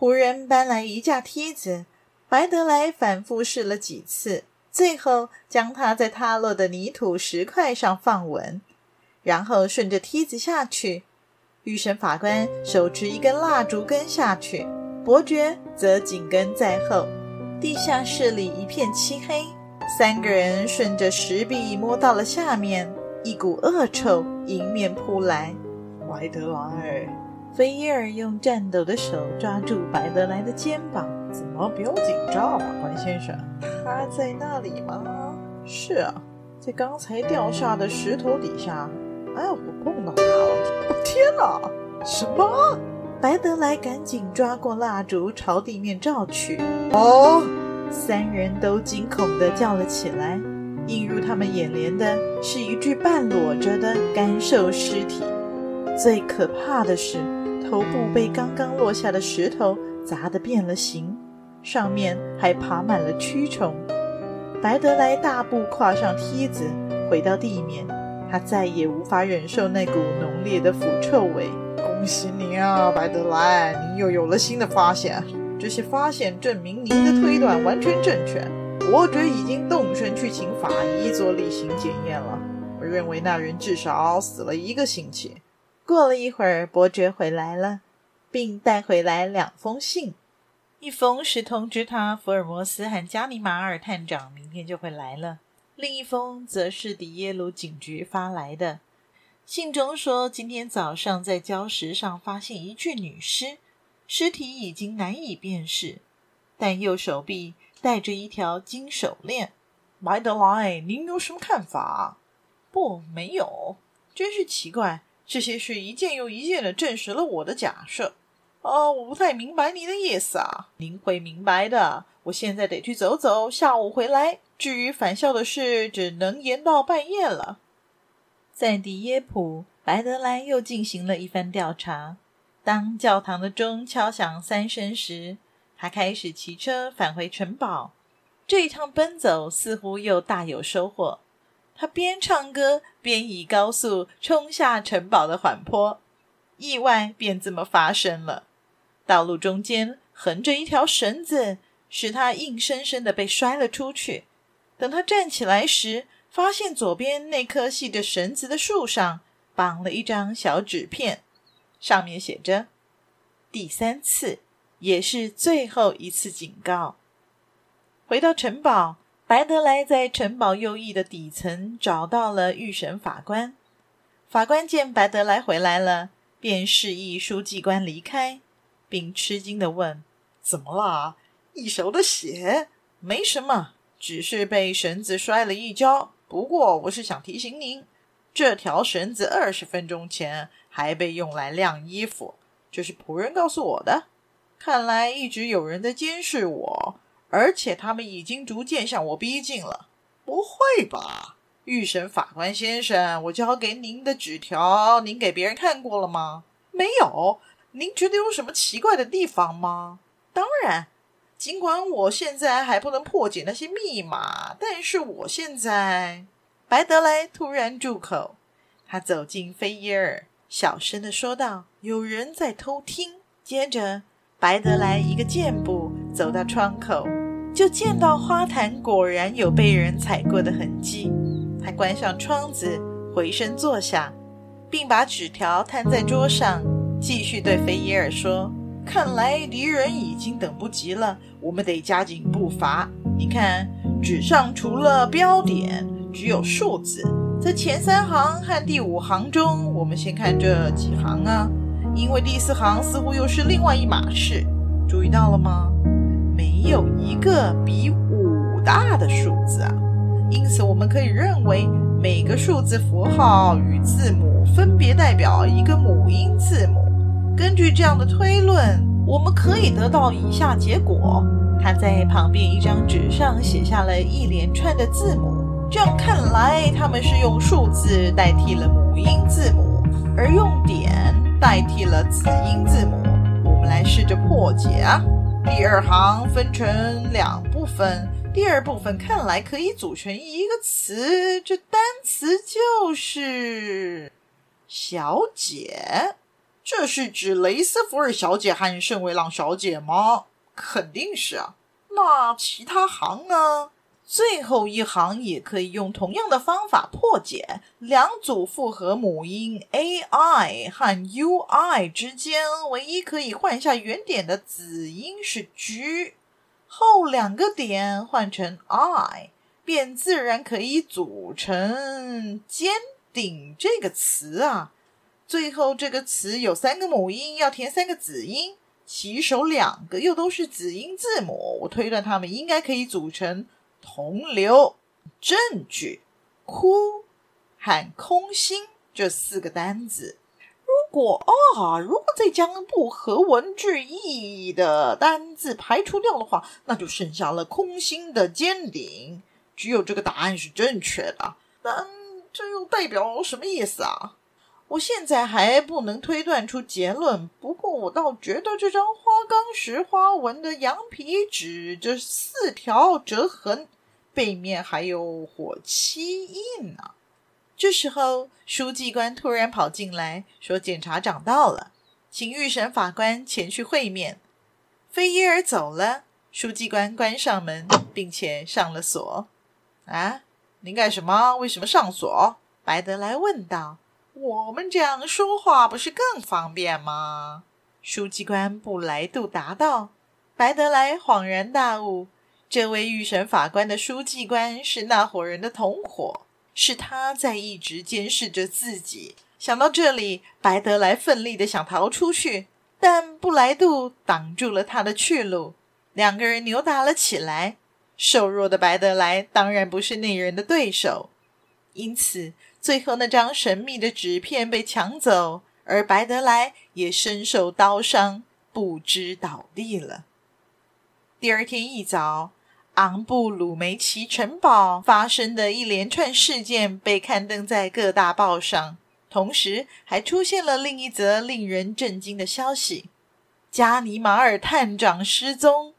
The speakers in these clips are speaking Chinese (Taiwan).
僕人搬來一架梯子，白德萊反復試了幾次，最後將它在塌落的泥土石塊上放穩，然後順着梯子下去。預審法官手持一根蠟燭跟下去，伯爵則緊跟在後。地下室裡一片漆黑，三個人順着石壁摸到了下面，一股惡臭迎面撲來。白德萊。菲耶爾用顫抖的手抓住白德萊的肩膀，怎麼不要緊張啊，關先生？他在那裡嗎？是啊，在剛才掉下的石頭底下。哎，我碰到他了！我、哦、天哪！什麼？白德萊趕緊抓過蠟燭朝地面照去。哦！Oh! 三人都驚恐地叫了起來。映入他們眼簾的是一具半裸着的乾瘦屍體。最可怕的是。頭部被剛剛落下的石頭砸得變了形，上面還爬滿了蛆蟲。白德萊大步跨上梯子，回到地面。他再也無法忍受那股濃烈的腐臭味。恭喜您啊，白德萊，您又有了新的發現。這些發現證明您的推斷完全正確。伯爵已經動身去請法醫做例行檢驗了。我認為那人至少死了一個星期。過了一會兒，伯爵回來了，並帶回來兩封信。一封是通知他，福爾摩斯和加尼馬爾探長明天就會來了。另一封則是迪耶魯警局發來的。信中說今天早上在礁石上發現一具女屍，屍體已經難以辨識，但右手臂戴着一條金手鏈。白德萊，您有什麼看法？不，沒有，真是奇怪。這些事一件又一件的證實了我的假設。哦，我不太明白您的意思啊。您會明白的。我現在得去走走，下午回來。至於返校的事，只能延到半夜了。在蒂耶普，白德萊又進行了一番調查。當教堂的鐘敲響三聲時，他開始騎車返回城堡。這一趟奔走似乎又大有收穫。他邊唱歌邊以高速衝下城堡的緩坡，意外便這麼發生了。道路中間橫着一條繩子，使他硬生生的被摔了出去。等他站起來時，發現左邊那棵繫着繩子的樹上綁了一張小紙片，上面寫着：“第三次，也是最後一次警告。”回到城堡。白德萊在城堡右翼的底層找到了預審法官。法官見白德萊回來了，便示意書記官離開，並吃驚地問：“怎麼啦？一手的血？沒什麼，只是被繩子摔了一跤。不過，我是想提醒您，這條繩子二十分鐘前還被用來晾衣服，這是僕人告訴我的。看來，一直有人在監視我。”而且他們已經逐漸向我逼近了。不會吧，預審法官先生，我交給您的紙條，您給別人看過了嗎？沒有。您覺得有什麼奇怪的地方嗎？當然。盡管我現在還不能破解那些密碼，但是我現在……白德萊突然住口，他走進菲耶爾，小聲的說道：“有人在偷聽。”接着，白德萊一個箭步走到窗口。就見到花壇果然有被人踩過的痕跡，他關上窗子，回身坐下，並把紙條攤在桌上，繼續對菲耶爾說：“看來敵人已經等不及了，我們得加緊步伐。你看，紙上除了標點，只有數字。在前三行和第五行中，我們先看這幾行啊，因為第四行似乎又是另外一碼事。注意到了嗎？”有一個比五大的數字啊，因此我們可以認為每個數字符號與字母分別代表一個母音字母。根據這樣的推論，我們可以得到以下結果。他在旁邊一張紙上寫下了一連串的字母，這樣看來，他們是用數字代替了母音字母，而用點代替了子音字母。我們來試着破解啊。第二行分成兩部分，第二部分看來可以組成一個詞，這單詞就是“小姐”。這是指雷斯福爾小姐和聖維朗小姐嗎？肯定是啊。那其他行呢？最後一行也可以用同樣的方法破解。兩組複合母音 a i 和 u i 之間，唯一可以換一下原點的子音是 g 後兩個點換成 i，便自然可以組成尖頂這個詞啊。最後這個詞有三個母音，要填三個子音，起首兩個又都是子音字母，我推斷它們應該可以組成。同流、證據、哭喊、空心這四個單字，如果啊、哦，如果再將不合文句意義的單字排除掉的話，那就剩下了空心的尖頂，只有這個答案是正確的。那這又代表什麼意思啊？我現在還不能推斷出結論，不過我倒覺得這張花崗石花紋的羊皮紙，這四條折痕，背面還有火漆印呢、啊。這時候，書記官突然跑進來，說：“檢察長到了，請預審法官前去會面。”菲耶爾走了，書記官關上門，並且上了鎖。“啊，您幹什麼？為什麼上鎖？”白德萊問道。我們這樣說話不是更方便嗎？書記官布萊度答道。白德萊恍然大悟，這位預審法官的書記官是那夥人的同夥，是他在一直監視着自己。想到這裡，白德萊奮力的想逃出去，但布萊度擋住了他的去路，兩個人扭打了起來。瘦弱的白德萊當然不是那人的對手。因此，最後那張神秘的紙片被搶走，而白德萊也身受刀傷，不知倒地了。第二天一早，昂布魯梅奇城堡發生的一連串事件被刊登在各大報上，同時還出現了另一則令人震驚的消息：加尼馬爾探長失蹤，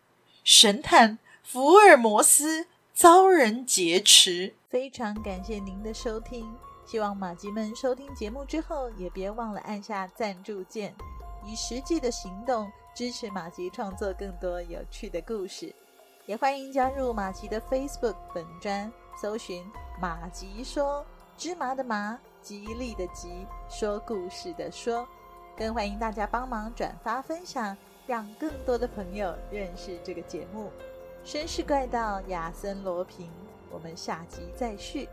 神探福爾摩斯遭人劫持。非常感謝您的收聽，希望馬吉們收聽節目之後也別忘了按下贊助鍵，以實際的行動支持馬吉創作更多有趣的故事。也歡迎加入馬吉的 Facebook 本專，搜尋“馬吉說芝麻的麻，吉利的吉說故事的說”，更歡迎大家幫忙轉發分享，讓更多的朋友認識這個節目。紳士怪盜亞森羅平。我們下集再續。